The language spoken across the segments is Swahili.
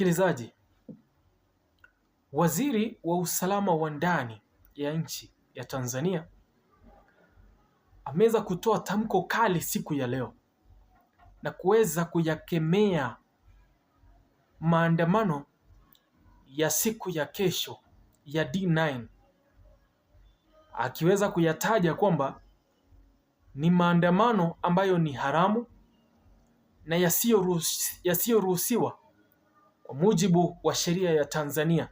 Msikilizaji, waziri wa usalama wa ndani ya nchi ya Tanzania ameweza kutoa tamko kali siku ya leo na kuweza kuyakemea maandamano ya siku ya kesho ya D9 akiweza kuyataja kwamba ni maandamano ambayo ni haramu na yasiyoruhusiwa kwa mujibu wa sheria ya Tanzania,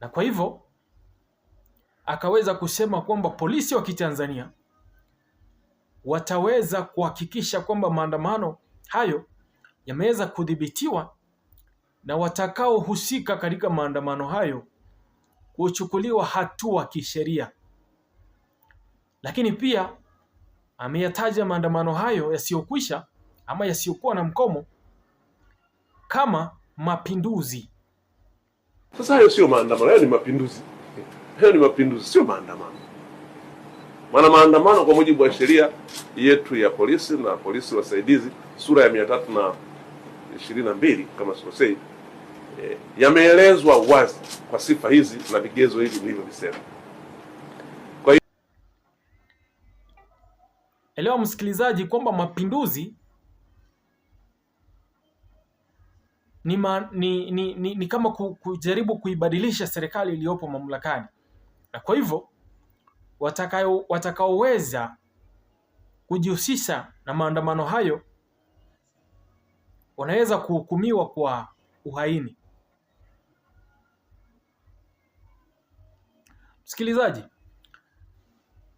na kwa hivyo akaweza kusema kwamba polisi wa Kitanzania wataweza kuhakikisha kwamba maandamano hayo yameweza kudhibitiwa na watakaohusika katika maandamano hayo kuchukuliwa hatua kisheria. Lakini pia ameyataja maandamano hayo yasiyokwisha ama yasiyokuwa na mkomo kama mapinduzi. Sasa hayo sio maandamano, hayo ni mapinduzi, hayo ni mapinduzi, sio maandamano. Maana maandamano kwa mujibu wa sheria yetu ya polisi na polisi wasaidizi sura ya mia tatu na ishirini na mbili kama sikosei, eh, yameelezwa wazi kwa sifa hizi na vigezo hivi nilivyovisema. Elewa msikilizaji, kwamba mapinduzi ni, ma, ni, ni, ni, ni kama kujaribu kuibadilisha serikali iliyopo mamlakani, na kwa hivyo watakayo watakaoweza kujihusisha na maandamano hayo wanaweza kuhukumiwa kwa uhaini. Msikilizaji,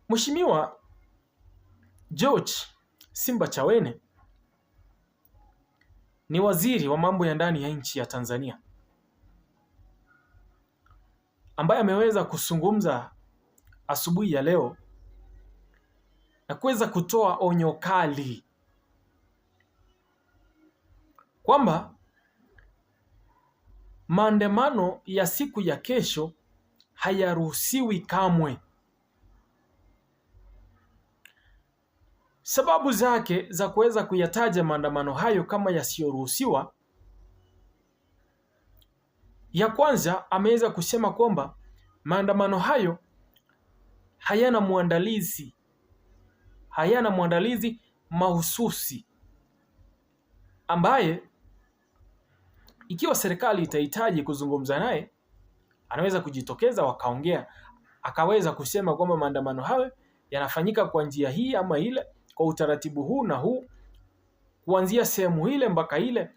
Mheshimiwa George Simba Chawene ni waziri wa mambo ya ndani ya nchi ya Tanzania ambaye ameweza kuzungumza asubuhi ya leo na kuweza kutoa onyo kali kwamba maandamano ya siku ya kesho hayaruhusiwi kamwe. Sababu zake za kuweza kuyataja maandamano hayo kama yasiyoruhusiwa, ya kwanza ameweza kusema kwamba maandamano hayo hayana mwandalizi, hayana mwandalizi mahususi ambaye ikiwa serikali itahitaji kuzungumza naye anaweza kujitokeza wakaongea, akaweza kusema kwamba maandamano hayo yanafanyika kwa njia hii ama ile kwa utaratibu huu na huu kuanzia sehemu ile mpaka ile,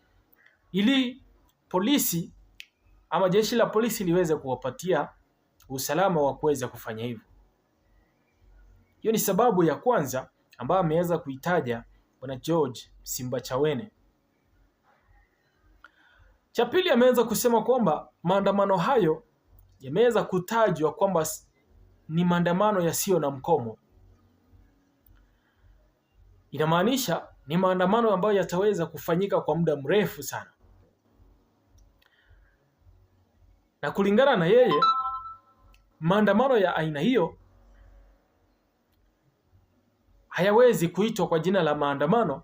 ili polisi ama jeshi la polisi liweze kuwapatia usalama wa kuweza kufanya hivyo. Hiyo ni sababu ya kwanza ambayo ameweza kuitaja bwana George Simbachawene. Cha pili, ameweza kusema kwamba maandamano hayo yameweza kutajwa kwamba ni maandamano yasiyo na mkomo. Inamaanisha ni maandamano ambayo yataweza kufanyika kwa muda mrefu sana, na kulingana na yeye, maandamano ya aina hiyo hayawezi kuitwa kwa jina la maandamano,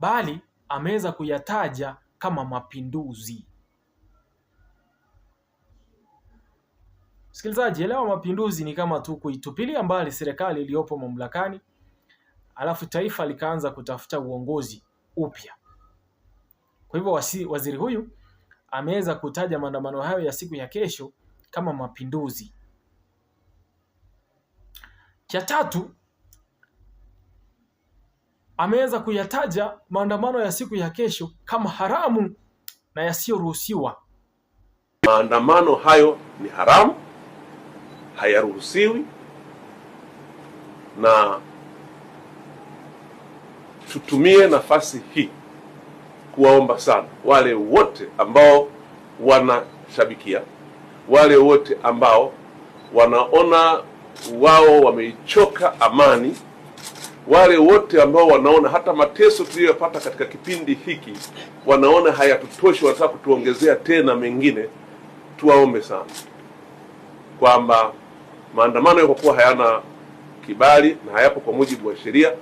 bali ameweza kuyataja kama mapinduzi. Msikilizaji, elewa mapinduzi ni kama tu kuitupilia mbali serikali iliyopo mamlakani alafu taifa likaanza kutafuta uongozi upya. Kwa hivyo waziri huyu ameweza kutaja maandamano hayo ya siku ya kesho kama mapinduzi. Cha tatu ameweza kuyataja maandamano ya siku ya kesho kama haramu na yasiyoruhusiwa. Maandamano hayo ni haramu, hayaruhusiwi na tutumie nafasi hii kuwaomba sana wale wote ambao wanashabikia, wale wote ambao wanaona wao wameichoka amani, wale wote ambao wanaona hata mateso tuliyopata katika kipindi hiki wanaona hayatutoshi, wanataka kutuongezea tena mengine, tuwaombe sana kwamba maandamano yakokuwa hayana kibali na hayapo kwa mujibu wa sheria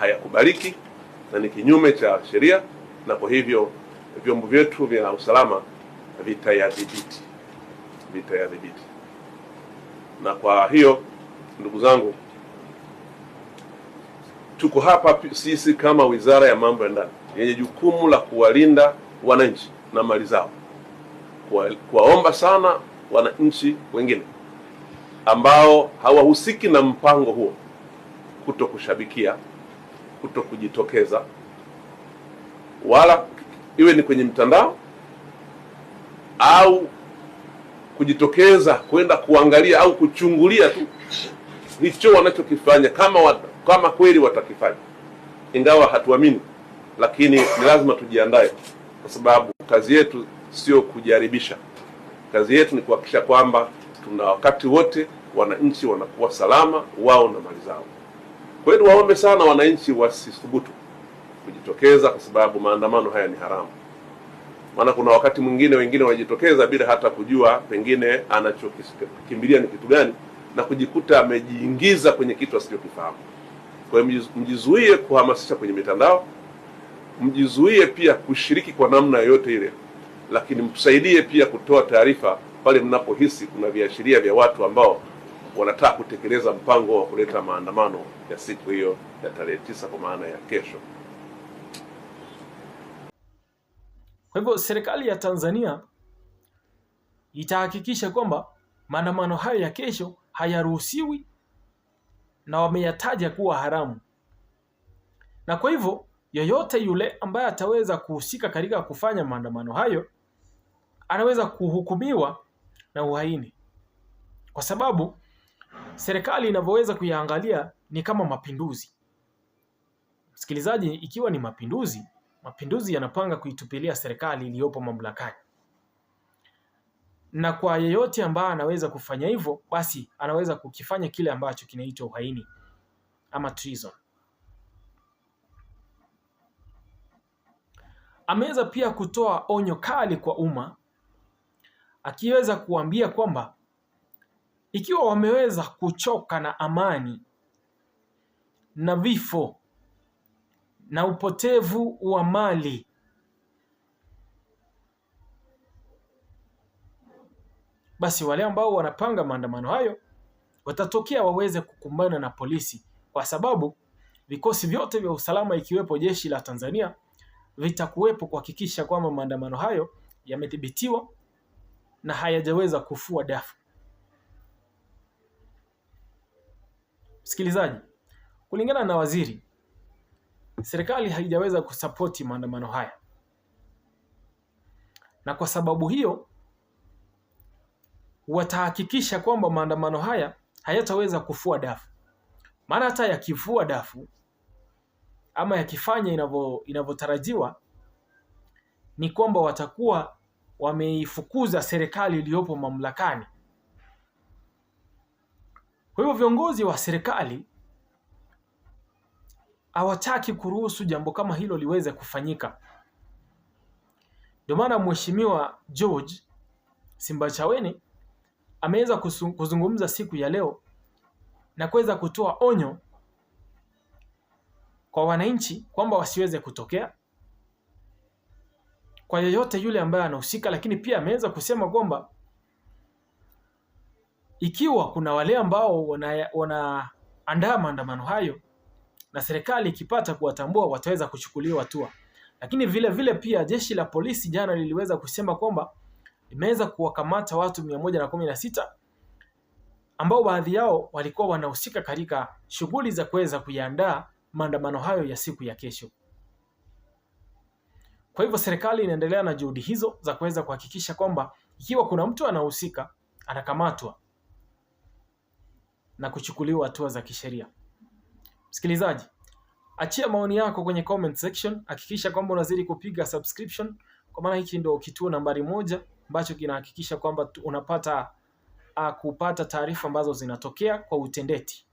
hayakubaliki na ni kinyume cha sheria, na kwa hivyo vyombo vyetu vya usalama vitayadhibiti vitayadhibiti. Na kwa hiyo ndugu zangu, tuko hapa sisi kama Wizara ya Mambo ya Ndani yenye jukumu la kuwalinda wananchi na mali zao, kuwaomba sana wananchi wengine ambao hawahusiki na mpango huo kuto kushabikia kuto kujitokeza, wala iwe ni kwenye mtandao au kujitokeza kwenda kuangalia au kuchungulia tu hicho wanachokifanya, kama wat, kama kweli watakifanya, ingawa hatuamini, lakini ni lazima tujiandae, kwa sababu kazi yetu sio kujaribisha. Kazi yetu ni kuhakikisha kwamba tuna wakati wote wananchi wanakuwa salama, wao na mali zao. Kwa hiyo waombe sana wananchi wasithubutu kujitokeza, kwa sababu maandamano haya ni haramu. Maana kuna wakati mwingine wengine wanajitokeza bila hata kujua pengine anachokimbilia ni kitu gani, na kujikuta amejiingiza kwenye kitu asichokifahamu. Kwa hiyo mjizuie kuhamasisha kwenye mitandao, mjizuie pia kushiriki kwa namna yoyote ile, lakini mtusaidie pia kutoa taarifa pale mnapohisi kuna viashiria vya watu ambao wanataka kutekeleza mpango wa kuleta maandamano ya siku hiyo ya tarehe tisa kwa maana ya kesho. Kwa hivyo serikali ya Tanzania itahakikisha kwamba maandamano hayo ya kesho hayaruhusiwi na wameyataja kuwa haramu, na kwa hivyo yoyote yule ambaye ataweza kuhusika katika kufanya maandamano hayo anaweza kuhukumiwa na uhaini kwa sababu serikali inavyoweza kuyaangalia ni kama mapinduzi. Msikilizaji, ikiwa ni mapinduzi, mapinduzi yanapanga kuitupilia serikali iliyopo mamlakani, na kwa yeyote ambaye anaweza kufanya hivyo, basi anaweza kukifanya kile ambacho kinaitwa uhaini ama treason. Ameweza pia kutoa onyo kali kwa umma akiweza kuambia kwamba ikiwa wameweza kuchoka na amani na vifo na upotevu wa mali basi wale ambao wanapanga maandamano hayo watatokea waweze kukumbana na polisi, kwa sababu vikosi vyote vya usalama ikiwepo jeshi la Tanzania vitakuwepo kuhakikisha kwamba maandamano hayo yamethibitiwa na hayajaweza kufua dafu. Msikilizaji, kulingana na waziri, serikali haijaweza kusapoti maandamano haya, na kwa sababu hiyo watahakikisha kwamba maandamano haya hayataweza kufua dafu, maana hata yakifua dafu ama yakifanya inavyo inavyotarajiwa ni kwamba watakuwa wameifukuza serikali iliyopo mamlakani. Kwa hivyo viongozi wa serikali hawataki kuruhusu jambo kama hilo liweze kufanyika. Ndio maana Mheshimiwa George Simbachawene ameweza kuzungumza siku ya leo na kuweza kutoa onyo kwa wananchi kwamba wasiweze kutokea kwa yeyote yule ambaye anahusika, lakini pia ameweza kusema kwamba ikiwa kuna wale ambao wanaandaa wana maandamano hayo na serikali ikipata kuwatambua wataweza kuchukuliwa hatua. Lakini vile vile pia jeshi la polisi jana liliweza kusema kwamba limeweza kuwakamata watu mia moja na kumi na sita ambao baadhi yao walikuwa wanahusika katika shughuli za kuweza kuyaandaa maandamano hayo ya siku ya kesho. Kwa hivyo serikali inaendelea na juhudi hizo za kuweza kuhakikisha kwamba ikiwa kuna mtu anahusika anakamatwa na kuchukuliwa hatua za kisheria. Msikilizaji, achia maoni yako kwenye comment section. Hakikisha kwamba unazidi kupiga subscription, kwa maana hiki ndio kituo nambari moja ambacho kinahakikisha kwamba unapata a, kupata taarifa ambazo zinatokea kwa utendeti.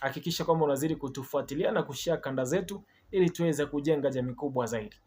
Hakikisha kwamba unazidi kutufuatilia na kushare kanda zetu ili tuweze kujenga jamii kubwa zaidi.